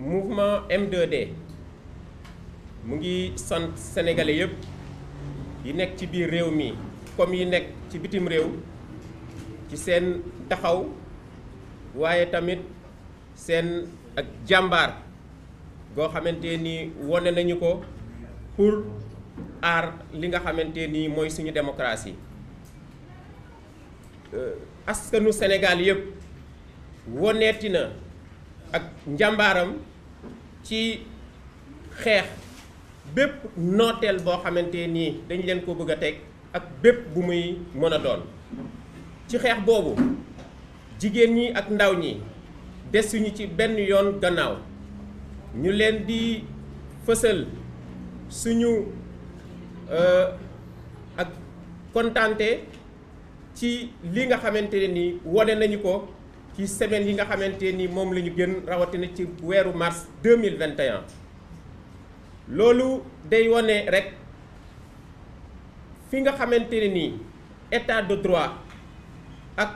mouvement m mu ngi sant sénégalais yépp yi nekk ci biir réew mi comme yi nekk ci bitim réew ci seen taxaw waaye tamit seen ak jàmbaar goo xamante ni wone nañu ko pour aar li nga xamante ni mooy suñu démocratie euh, askanu Sénégal yëpp woneeti na ak njàmbaaram ci xeex bépp nooteel boo xamante nii dañ leen ko bëgg a teg ak bépp bu muy mën a doon ci xeex boobu jigéen ñi ak ndaw ñi suñu ci benn yoon gannaaw ñu leen di fësal suñu euh, ak kontaante ci li nga xamante ne nii wane nañu ko ci semaine yi nga xamante ni moom lañu gën rawatina ci weeru mars 2021 loolu day wone rek fi nga xamante ne nii état de droit ak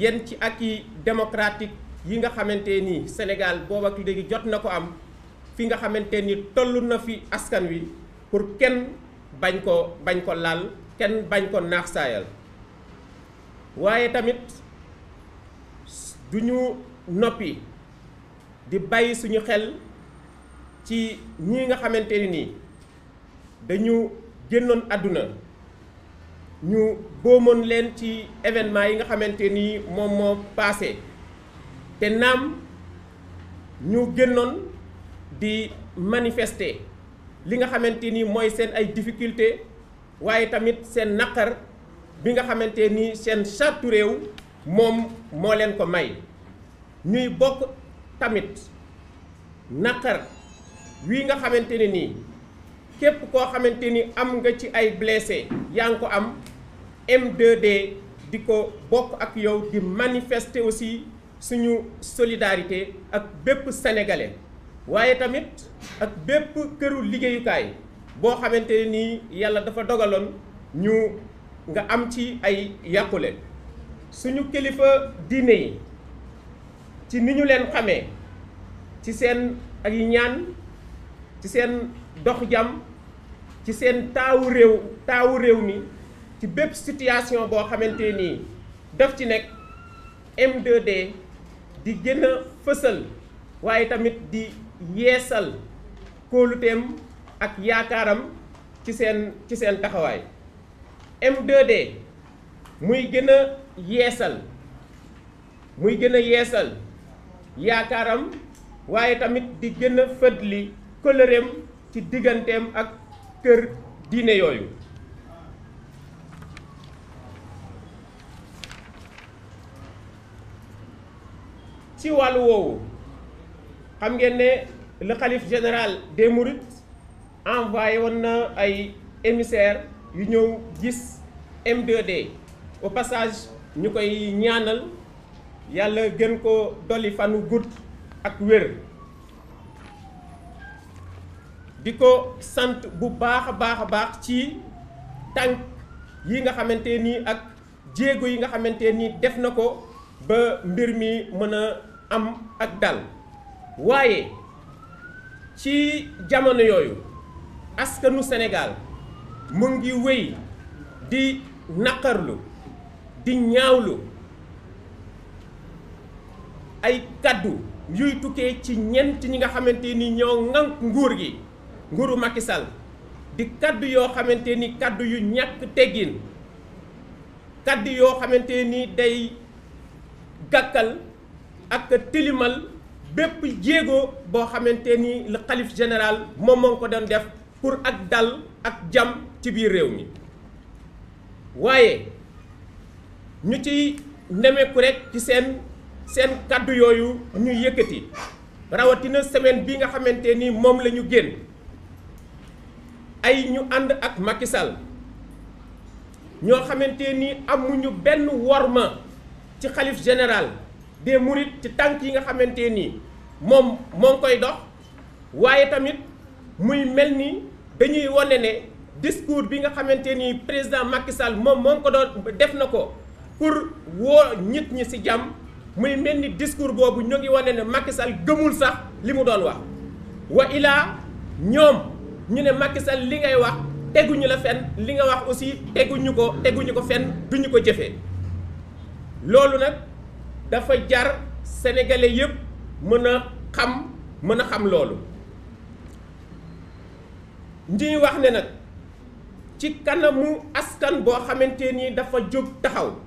yenn ci acquis démocratique yi nga xamante ni Sénégal boobu ak léegi jot na ko am fi nga xamante ni tollu na fi askan wi pour kenn bañ ko bañ ko laal kenn bañ ko naax saayal waaye tamit du ñu noppi di bàyyi suñu xel ci ñi nga xamante ni nii dañu génnoon àdduna ñu boomoon leen ci événement yi nga xamante ni moom moo passé te naam ñu génnoon di manifester li nga xamante ni mooy seen ay difficulté waaye tamit seen naqar bi nga xamante ni seen charte réew moom moo leen ko may ñuy bokk tamit naqar wii nga xamante ne nii képp koo xamante ni am nga ci ay blessé yaa ngi ko am m di ko bokk ak yow di manifester aussi suñu solidarité ak bépp sénégalais waaye tamit ak bépp këru liggéeyukaay boo xamante ne nii yàlla dafa dogaloon ñu nga am ci ay yàqule suñu kilifa diine yi ci ni ñu leen xamee ci seen ak yi ñaan ci seen dox jàmm ci seen taawu réew taawu réew mi ci bépp situation boo xamante nii daf ci nekk m di gën a fësal waaye tamit di yeesal kóoluteem ak yaakaaram ci seen ci seen taxawaay m muy gën yeesal muy gëna yeesal yaakaaram waaye tamit di gën a fëdli kóllëreem ci digganteem ak kër diine yooyu ci wàll woowu xam ngeen ne le khalife général des mourides envoyé woon na ay émissaires yu ñëw gis m au passage ñu koy ñaanal yàlla gën ko dolli fanu gudd ak wér di ko sant bu baax a baax a baax ci tànk yi nga xamante ni ak jéego yi nga xamante ni def na ko ba mbir mi mën a am ak dal waaye ci jamono yooyu askanu Sénégal mu ngi wéy di naqarlu di ñaawlu ay kàddu yuy tukkee ci ñent ñi nga xamante ni ñoo ŋànk nguur gi nguuru makisal di kàddu yoo xamante ni kàddu yu ñàkk teggin kàddu yoo xamante ni day gàkkal ak tilimal bépp jéego boo xamante ni le xalif général moom ko doon def pour ak dal ak jàmm ci biir réew mi waaye ñu ciy nemeeku rek ci seen seen kàddu yooyu ñu yëkkati rawatina semaine bi nga xamante ni moom lañu génn ay ñu ànd ak Macky ñoo xamante ni amuñu benn worma ci xalif général des murit ci tànk yi nga xamante ni moom moo koy dox waaye tamit muy mel ni dañuy wane ne discours bi nga xamante ni président Macky moom moo ngi ko doon def na ko pour wo nit ñi si jam muy melni discours bobu ñu ngi wone ne Macky Sall gëmul sax limu doon wax wa ila ñom ñu ne Macky Sall li ngay wax teguñu la fenn li nga wax aussi teguñu ko teguñu ko fenn duñu ko jëfé lolu nak dafa jar sénégalais yépp mëna xam mëna xam lolu ñi wax ne nak ci kanamu askan bo xamanteni dafa jog taxaw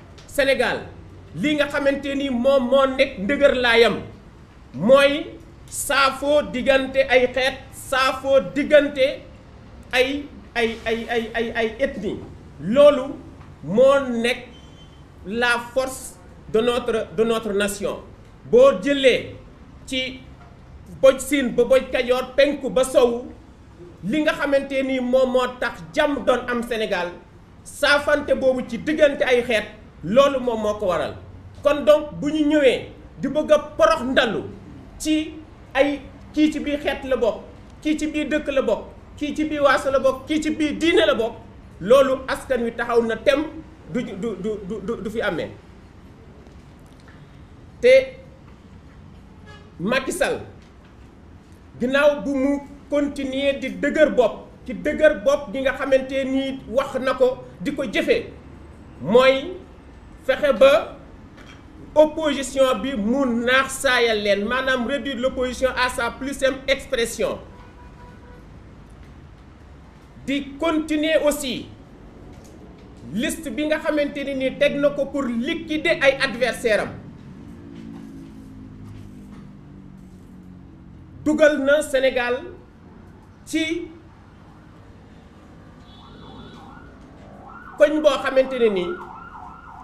Sénégal li nga xamante ni moom moo nekk ndëgër laayam mooy saafoo diggante ay xeet saafoo diggante ay ay ay ay ay loolu moo nekk la force de notre de notre nation boo jëlee ci boj siin ba boj kajoor penku ba sowu li nga xamante ni moom moo tax jàmm doon am Sénégal saafante boobu ci diggante ay xeet loolu moom moo ko waral kon donc bu ñu ñëwee di bëgg a porox ndallu ci ay kii ci biir xeet la bokk kii ci biir dëkk la bokk kii ci bii waaso la bokk kii ci biir diine la bokk loolu askan wi taxaw na tem du du du du fi amee te Macky Sall ginnaaw bu mu continuer di dëgër bopp ci dëgër bopp gi nga xamante ni wax na ko di ko jëfee mooy fexe ba opposition bi mu naax saayal réduire l'opposition à sa plus simple expression di continuer aussi liste bi nga xamante ni pour liquider ay adversaires. Dougal na Sénégal ci koñ bo xamante ni.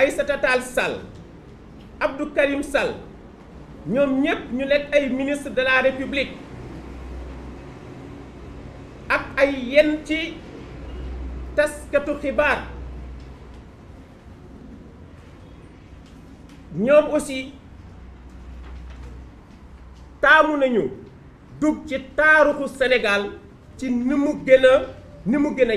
Aïssata Tall Sall Abdou Karim ñoom ñépp ñu nekk ay ministre de la République ak ay yenn ci taskatu xibaar ñoom aussi taamu nañu dugg ci taaruxu senegaal ci ni mu gën a ni mu gën a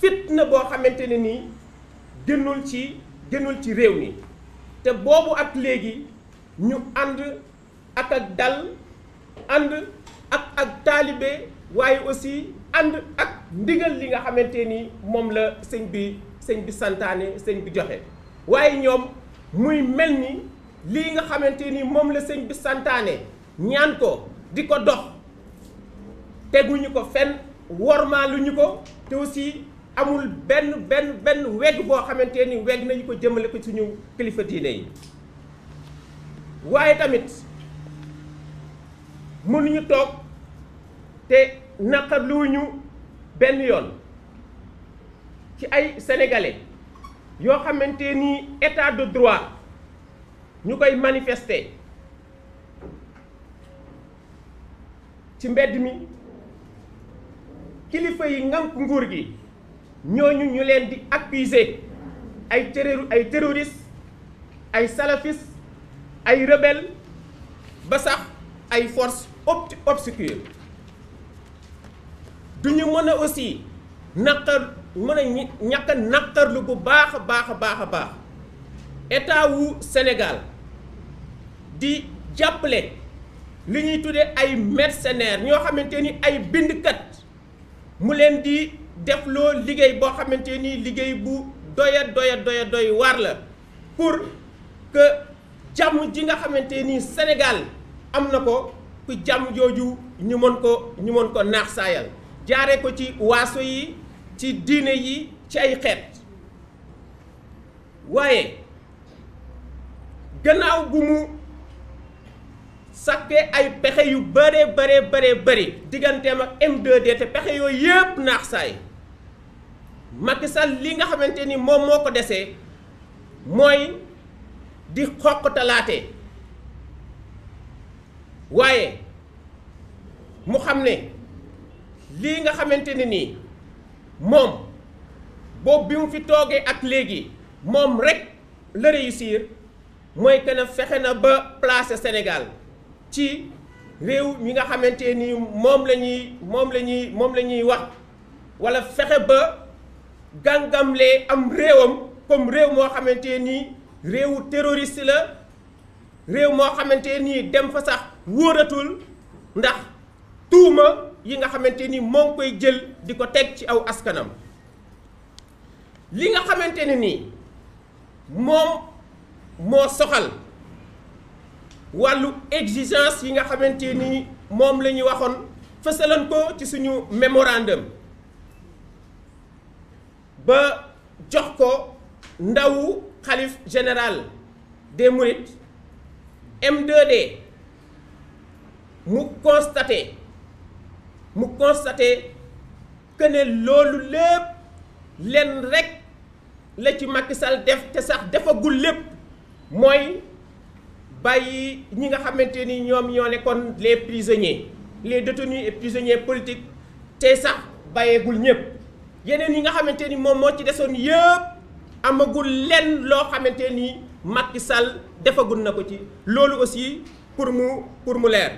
fitna boo xamante ne nii gënul ci gënul ci réew mi te boobu ak léegi ñu ànd ak ak dal ànd ak ak taalibe waaye aussi ànd ak ndigal li nga xamante ni moom la sëñ bi sëñ bi santaane sëñ bi joxe waaye ñoom muy mel ni lii nga xamante ni moom la sëñ bi santaane ñaan ko di ko dox teguñu ko fenn wormaaluñu ko te aussi amul benn benn benn wegg boo xamante ni wegg nañu ko jëmale ko suñu kilifa diine yi waaye tamit mënuñu toog te ñu benn yoon ci ay sénégalais yoo xamante ni état de droit ñu koy manifester ci mbedd mi kilifa yi ngànk nguur gi ñooñu ñu leen di accuser ay terror ay terroristes ay salafistes ay rebelles ba sax ay forces obscures du ñu aussi naqar mën a ñàkk a naqarlu bu baax a baax baax état wu Sénégal di jàppale li ñuy tuddee ay mercenaires ñoo xamante ni ay bindkat mu leen di. def loo liggéey boo xamante ni liggéey bu doya doy doya doy waar la pour que jàmm ji nga xamante ni senegal am na ko ku jàmm jooju ñu mën ko ñu mën ko naax saayal jaare ko ci waaso yi ci diine yi ci ay xeet waaye gannaaw bu mu sàkke ay pexe yu bare bare bare bëri digganteem ak m 2 te pexe yooyu yépp naax saay Macky Sall li nga xamante ni moom moo ko desee mooy di xoq talaate waaye mu xam ne lii nga xamante ne nii moom boobu bi mu fi toogee ak léegi moom rek la réussir mooy que ne fexe na ba placer Sénégal ci réew mi nga xamante ni moom la moom lañuy moom lañuy wax walla fexe ba. gàngamle am réewam comme réew moo xamante nii réewu terroriste la réew moo xamante nii dem fa sax wóoratul ndax tuuma yi nga xamante ni moo koy jël di ko teg ci aw askanam li nga xamante ne nii moom moo soxal wàllu exigence yi nga xamante ni moom la ñu waxoon fësalan ko ci suñu mémorandum ba jox ko ndaw xalif général des Mourides M2D mu constater mu constater que ne lolou lepp len rek la ci Macky Sall def te sax defagul lepp moy bàyyi ñi nga xamante ñom ñoom ñoo nekkoon les prisonniers les détenus et prisonniers politiques té sax gul ñëpp yeneen yi nga des ni moom ci desoon yëpp amagul lenn loo xamante Macky Sall defagul na ci aussi pour mu pour mu leer.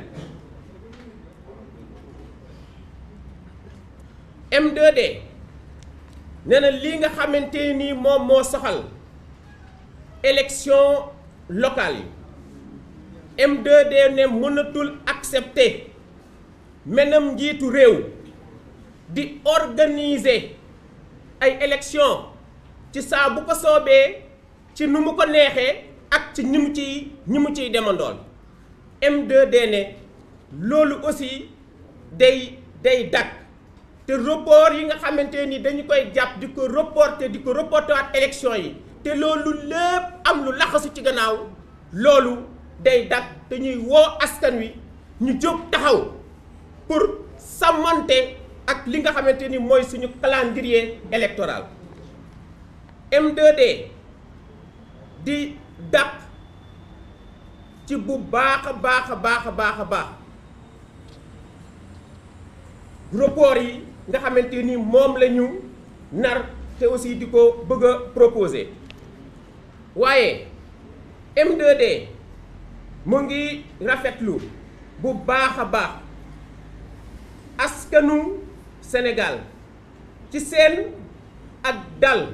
M2D nee na nga xamante ni moom moo soxal élection locale M2D ne accepter menam d'organiser... organiser ay élections ci sa bu ko sobé ci numu ko nexé ak ci ci ci M2D aussi day day dakk te report yi nga xamante ni koy japp diko reporter diko reporter élection yi té lolu lepp am lu laxasu ci gannaaw lolu day te ñuy wo askan wi ñu taxaw pour samanté ak li nga xamanteni moy suñu calendrier électoral M2D di dàq ci bu baax a baax a ba report yi nga xamanteni mom lañu nar té aussi diko bëgg proposer wayé M2D mo ngi rafetlu bu baax a baax askanu Sénégal ci seen ak dal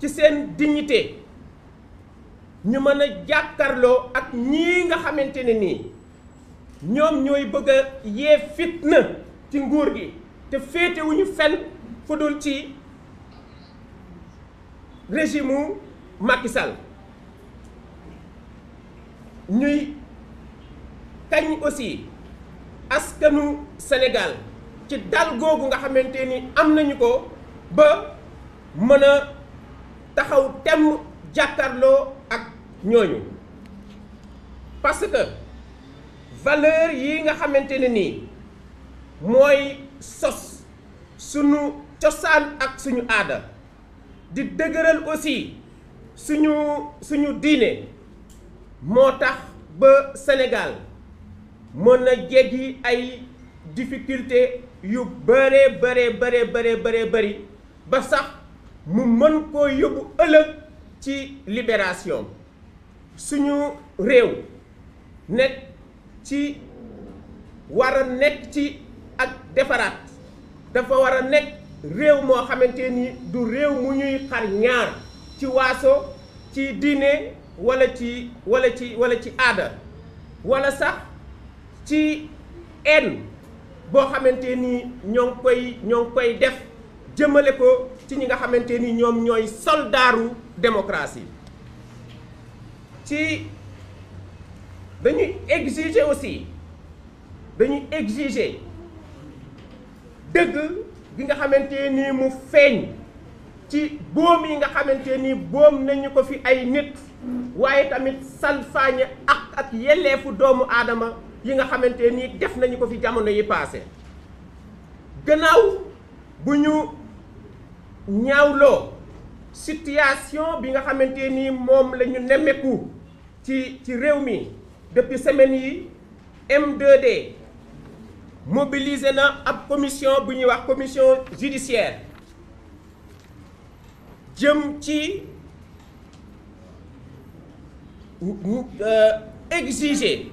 ci seen dignité ñu mën a jàkkarloo ak ñii nga xamante ne nii ñoom ñooy bëgg a yee fitna ci nguur gi te féetewuñu fenn fu ci régime mu Macky ñuy kañ aussi askanu Sénégal ci dal googu nga xamante ni am nañu ko ba mën a taxaw temm jàkkaarloo ak ñooñu parce que valeur yi nga xamante ne nii mooy sos suñu cosaan ak suñu aada di dëgëral aussi suñu suñu diine moo tax ba senegal mën na jéggi ay difficulté yu bëree bëree bëree bëree bëree ba sax mu mën ko yóbbu ëllëg ci libération suñu réew nekk ci war a nekk ci ak defaraat dafa war a nekk réew moo xamante ni du réew mu ñuy xar ñaar ci waaso ci diine wala ci wala ci walla ci aada wala sax ci en boo xamante ni ñoo koy ñoo koy def jëmale ko ci ñi nga xamante ni ñoom ñooy soldaaru démocratie ci dañuy exiger aussi dañuy exiger dëgg bi nga xamante ni mu feeñ ci boom yi nga xamante ni boom nañu ko fi ay nit waaye tamit salfaañe ak ak yelleefu doomu aadama yi nga xamante def nañ ko fi jamono yi passé situation bi nga ni la ci ci réew mi depuis semaine yi M2D mobilisé la commission commission judiciaire jëm euh, exiger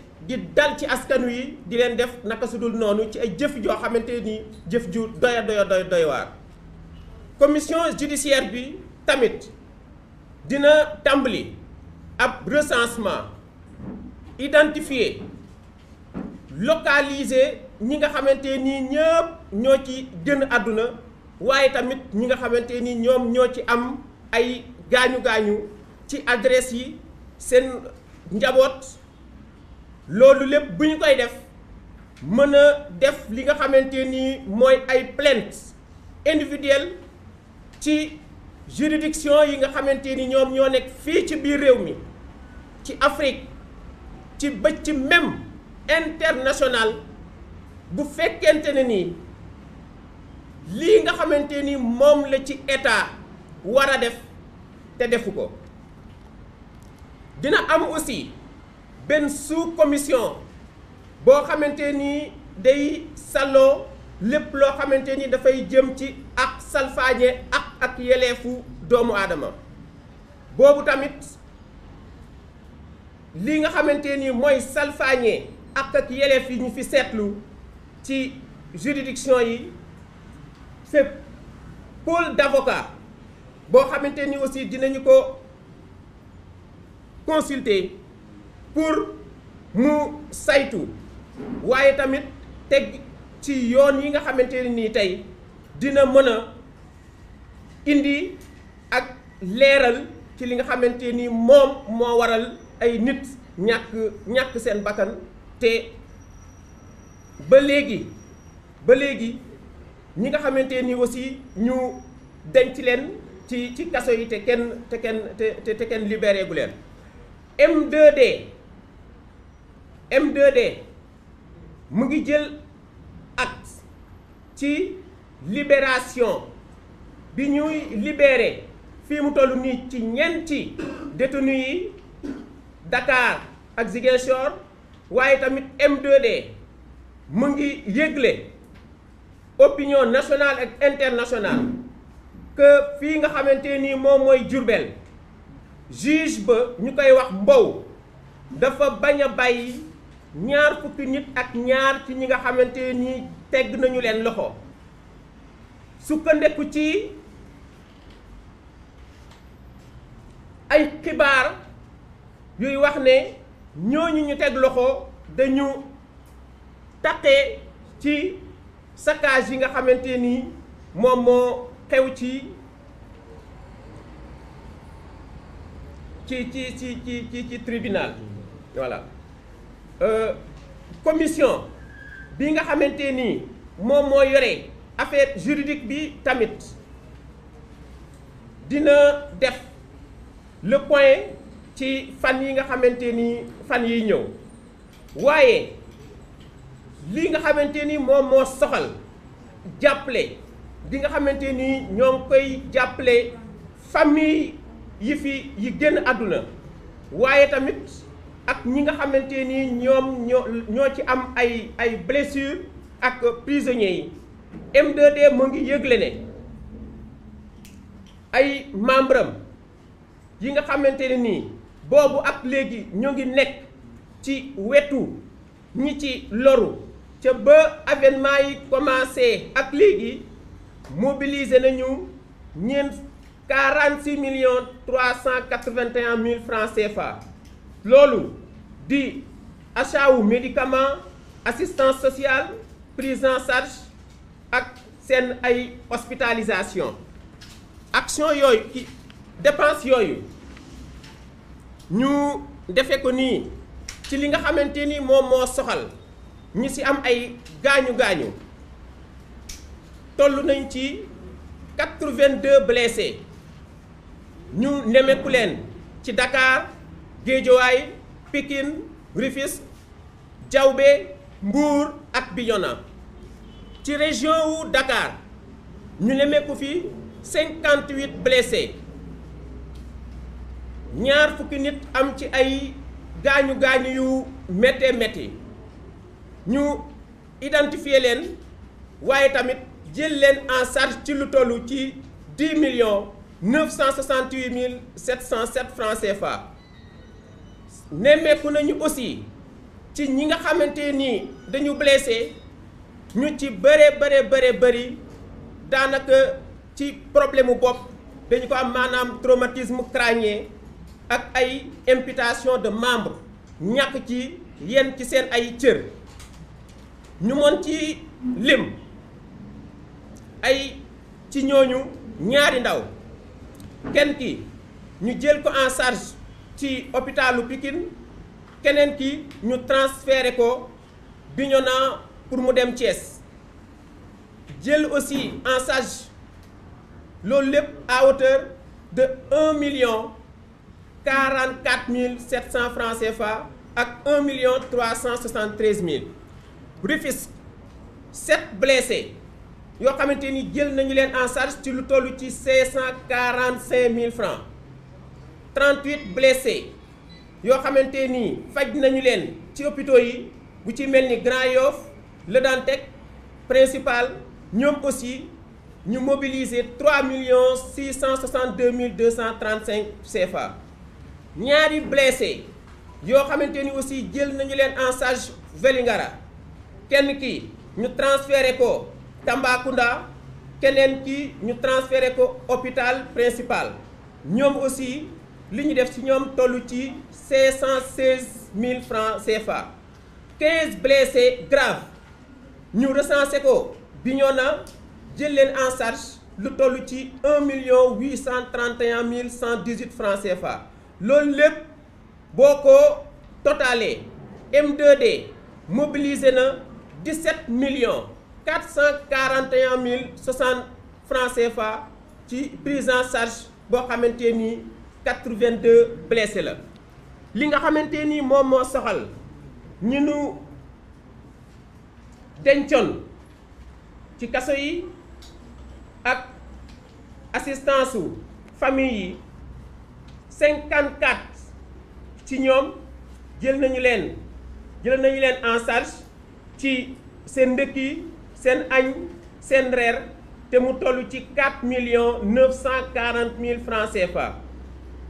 di dal ci askanu yi di leen def naka su dul noonu ci ay jëf joo xamante ni jëf ju doya doya doy doy commission judiciaire bi tamit dina tàmbali ab recensement identifier localiser ñi nga xamante ni ñëpp ñoo ci génn àdduna waaye tamit ñi nga xamante ni ñoom ñoo ci am ay gaañu gaañu ci adresse yi seen njaboot loolu lépp buñu koy def mën a def li nga xamante ni mooy ay plainte individuelle ci juridiction yi nga xamante ni ñoom ñoo nekk fii ci biir réew mi ci Afrique ci bëcc même international bu fekkente ne nii li nga xamante ni moom la ci état war a def te defu ko dina am aussi sous commission salons, xamante ni des salloo de loo des ni jëm ci ak ak ak d'homme doomu li nga xamanteni moy ak ak ñu fi setlu ci juridiction yi c'est pôle d'avocat aussi consulter pour mu saytu waaye tamit teg ci yoon yi nga xamante ne nii tey dina mën a indi ak leeral ci li nga xamante ni moom moo waral ay nit ñàkk ñàkk seen bakkan te ba léegi ba léegi ñi nga xamante ni aussi ñu denc leen ci ci kaso yi te kenn te kenn te te kenn libéré leen m m mu ngi jël acte ci libération bi ñuy libere fii mu toll nii ci ñeenti détenus yi Dakar ak Ziguinchor waaye tamit m mu ngi yëgle opinion nationale ak internationale que fii nga xamante ni moom mooy Diourbel juge ba ñu koy wax Mbow dafa bañ a bàyyi ñaar fukki nit ak ñaar ci ñi nga xamante ni tegg nañu leen loxo sukkandeku ci ay xibaar yuy wax ne ñooñu ñu teg loxo dañu taqee ci saccage yi nga xamante ni moom moo xew ci ci ci ci ci ci tribunal Euh, commission bi nga xamanteni mom mo affaire juridique bi tamit dina def le point ci fan yi nga xamanteni fan yi ñëw wayé li nga xamanteni mom mo soxal di nga famille yi tamit ak ñi nga xamante ni ñoom ñoo ñoo ci am ay ay blessures ak prisonniers yi m 2 mu ngi yëgle ne ay membre am yi nga xamante ne nii boobu ak léegi ñoo ngi nekk ci wetu ñi ci loru ca ba avènement yi commencé ak léegi mobiliser nañu ñeent quarante six millions trois cent quatre vingt et un mille francs CFA. Lolo di asha ou medikaman, asistan sosyal, prizan saj, ak sen ay ospitalizasyon. Aksyon yoy, depans yoy, nou defekoni, ti linga khamen teni moun moun sohal, nisi am ay ganyou ganyou. Tolounen ti, katkourven de blese, nou nemen koulen, ti Dakar, Géejowaay Pikin, Griffiths, Mour Mbour ak Dans la région où Dakar nous avons 58 blessés ñaar avons nit am ci ay gañu gaañu yu méttee ñu identifier len waaye tamit jël len en charge ci lu tollu ci 10 968 707 francs CFA. nemmeeku nañu aussi ci ñi nga xamante ni dañu blessé ñu ci bëree bëree bëree bëri daanaka ci problème mu bopp dañu ko am maanaam traumatisme crânien ak ay amputation de membre ñàkk ci yenn ci seen ay cër ñu mën ci lim ay ci ñooñu ñaari ndaw kenn ki ñu jël ko en charge ci hôpitalu pikin kenen ki ñu transférer ko biñona pour mu dem ties djel aussi en sage lool lepp à hauteur de 1 million 44 700 francs CFA ak 1 million 373 000 refus 7 blessés yo xamanteni djel nañu len en charge ci lu tollu ci 545 000 francs 38 blessés Yo xamante ci hôpitaux yi bu Grand Le Dantec Principal Nous aussi ñu mobiliser 3 662 235 CFA ñaari blessés aussi jël en charge kenn ki ñu transféré ko Tambacounda keneen ki ñu transféré ko hôpital principal ñom aussi li ñu def ci 000 francs CFA 15 blessés graves ñu recensé ko Bignona jël leen en charge 1 831 118 francs CFA loolu lepp boko totalé M2D mobilisé 17 441 060 francs CFA ci prise en charge 82 blessés Ce li nga xamante c'est mo moo soxal ñi nu ci kasso yi ak assistance famille yi 54 ci ñom jël nañu len jël nañu len en charge ci sen ndëkk yi sen añ sen reer te mu tollu ci 4 millions 940 000 francs CFA.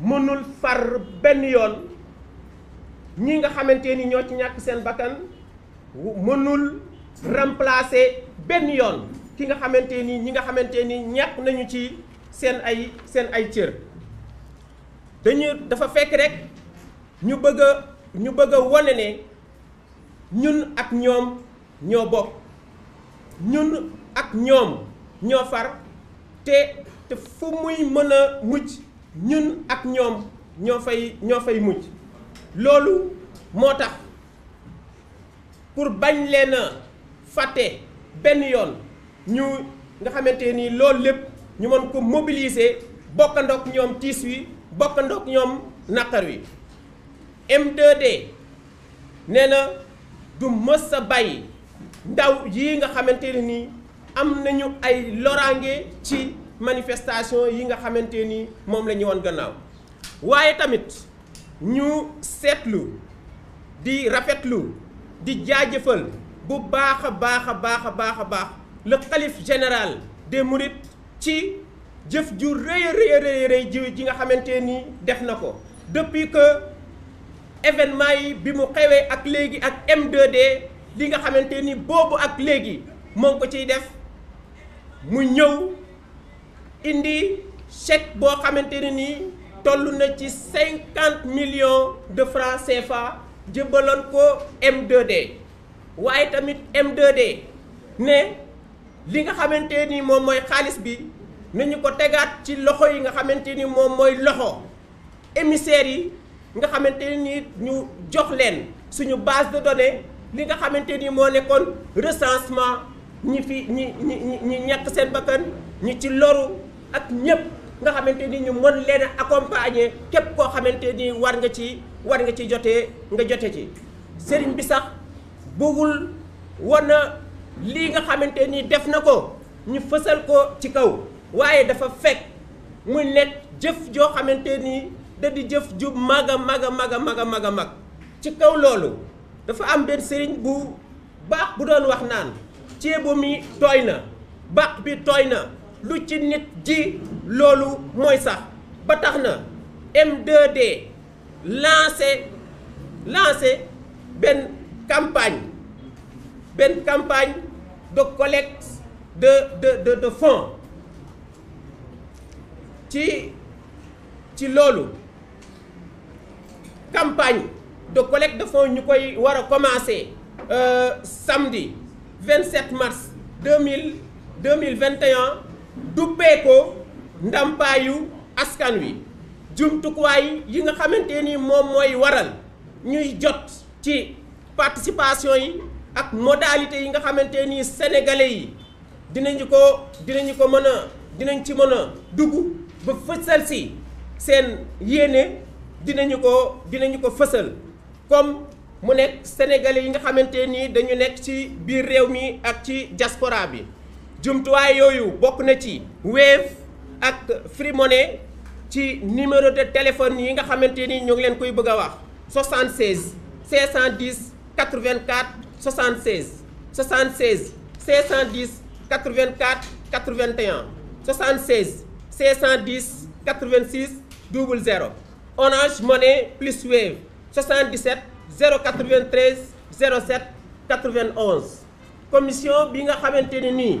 mënul far ben yoon ñi nga xamante ni ñoo ci ñàkk seen bakkan mënul remplacer ben yoon ki nga xamante ni ñi nga xamante ni ñàkk nañu ci seen ay seen ay cër dañu dafa fekk rek ñu bëgg ñu bëgg a wone ñun ak ñoom ñoo bokk ñun ak ñoom ñoo far te te fu muy mën a ñun ak ñoom ñoo fay ñoo fay mujj loolu moo tax pour bañ leen a fàtte benn yoon ñu nga xamante ni loolu lépp ñu mën ko mobiliser bokkandook ñoom tiis wi bokkandook ñoom naqar wi m 2 nee na du mës sa bàyyi ndaw yi nga xamante ne nii am nañu ay loraange ci manifestation yi nga xamante ni moom la woon gannaaw waaye tamit ñu seetlu di rafetlu di jaajëfal bu baax a baax a baax a baax a baax le xalif général des mourides ci jëf ju rëy a rëy rëy ji nga xamante ni def na ko depuis que événement yi bi mu xewee ak léegi ak m 2 li nga xamante ni boobu ak léegi moo ko ciy def mu ñëw. indi chèque boo xamante ne nii toll na ci cinquante millions de francs CFA jëbbaloon ko m waaye tamit M2D ne li nga xamante ni moom mooy xaalis bi nañu ko tegaat ci loxo yi nga xamante ni moom mooy loxo émissaires yi nga xamante ni ñu jox leen suñu base de données li nga xamante ni moo nekkoon recencement ñi fi ñi ñi seen bakkan ñi ci loru. ak ñëpp nga xamante ni ñu mën leen a accompagner képp koo xamante ni war nga ci war nga ci jotee nga jote ci sëriñ bi sax bëggul wana lii nga xamante ni def na ko ñu fësal ko ci kaw waaye dafa fekk mu nekk jëf joo xamante ni da di jëf ju mag a mag a mag a mag a mag a mag ci kaw loolu dafa am benn sëriñ bu baax bu doon wax naan ceebu mi tooy na baax bi tooy na lu ci nit di lolu M2D lancé lancé campagne Une campagne de collecte de de de fonds ci ci campagne de collecte de fonds Nous koy commencé... Euh, samedi 27 mars 2000 2021 duppee ko ndàmpaayu askan wi jumtukuwaay yi nga xamante ni moom mooy waral ñuy jot ci participation yi ak modalité yi nga xamante ni sénégalais yi dinañu ko dinañu ko mën a dinañ ci mën a dugg ba fësal si seen yéene dinañu ko dinañu ko fësal comme mu nekk sénégalais yi nga xamante ni dañu nekk ci biir réew mi ak ci diaspora bi jumtuwaay yooyu bokk Wave ak Free Money numéro de téléphone yi nga 76 510 84 76 76 510 84 81 76 510 86 00 Orange Money plus Wave 77 093 07 91 commission ni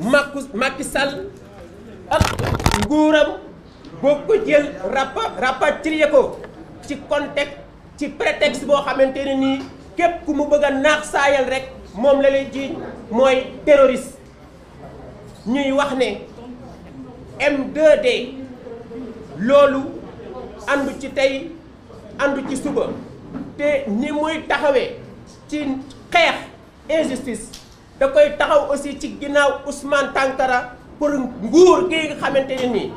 Macky Macky Sall ak nguuram boo ko jël rapa rapatrié ko ci contexte ci prétexte boo xamante ne nii képp ku mu bëgg a naax saayal rek moom la lay jiiñ mooy terroriste ñuy wax ne m loolu àndu ci tey àndu ci suba te ni muy taxawe ci xeex injustice da koy taxaw aussi ci ginnaaw Ousmane Tankara pour nguur gi nga xamante ne nii.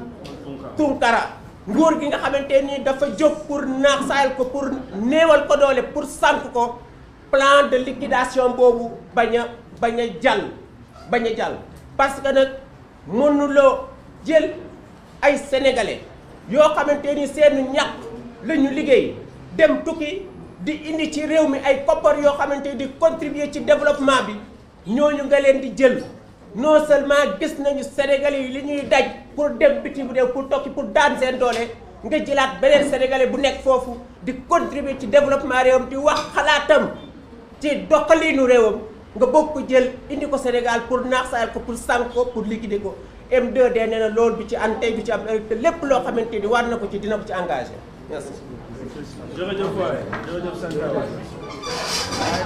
Tunkara nguur gi nga xamante nii dafa jóg pour naax saayal ko pour néewal ko doole pour sànq ko plan de liquidation boobu bañ a bañ a jàll bañ a jàll parce que nag mënuloo jël ay sénégalais yoo xamante ni seen ñàkk la liggéey dem tukki di indi ci réew mi ay koppar yoo xamante di contribuer ci développement bi ñooñu nga leen di jël non seulement gis nañu sénégalais yi li ñuy daj pour dem bitim réew pour tokki pour daan seen doole nga jëlaat beneen sénégalais bu nekk foofu di contribuer ci développement réewam di wax xalaatam ci doxaliinu réewam nga bokk ko jël indi ko Sénégal pour naax saayal ko pour sànq ko pour liquider ko M2D nee na loolu du ci am tey ci am te lépp loo xamante ni war na ko ci dina ko ci engagé merci. jërëjëf waay jërëjëf